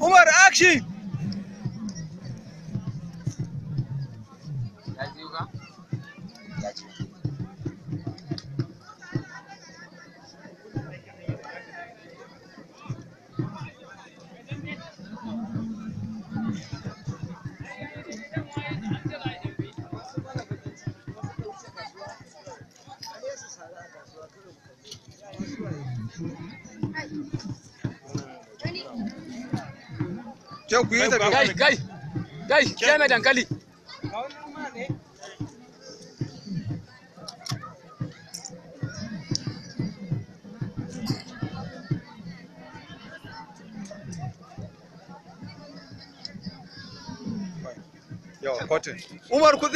Umar action! Ya ji Kyau ku yi tafiya. dankali. Umar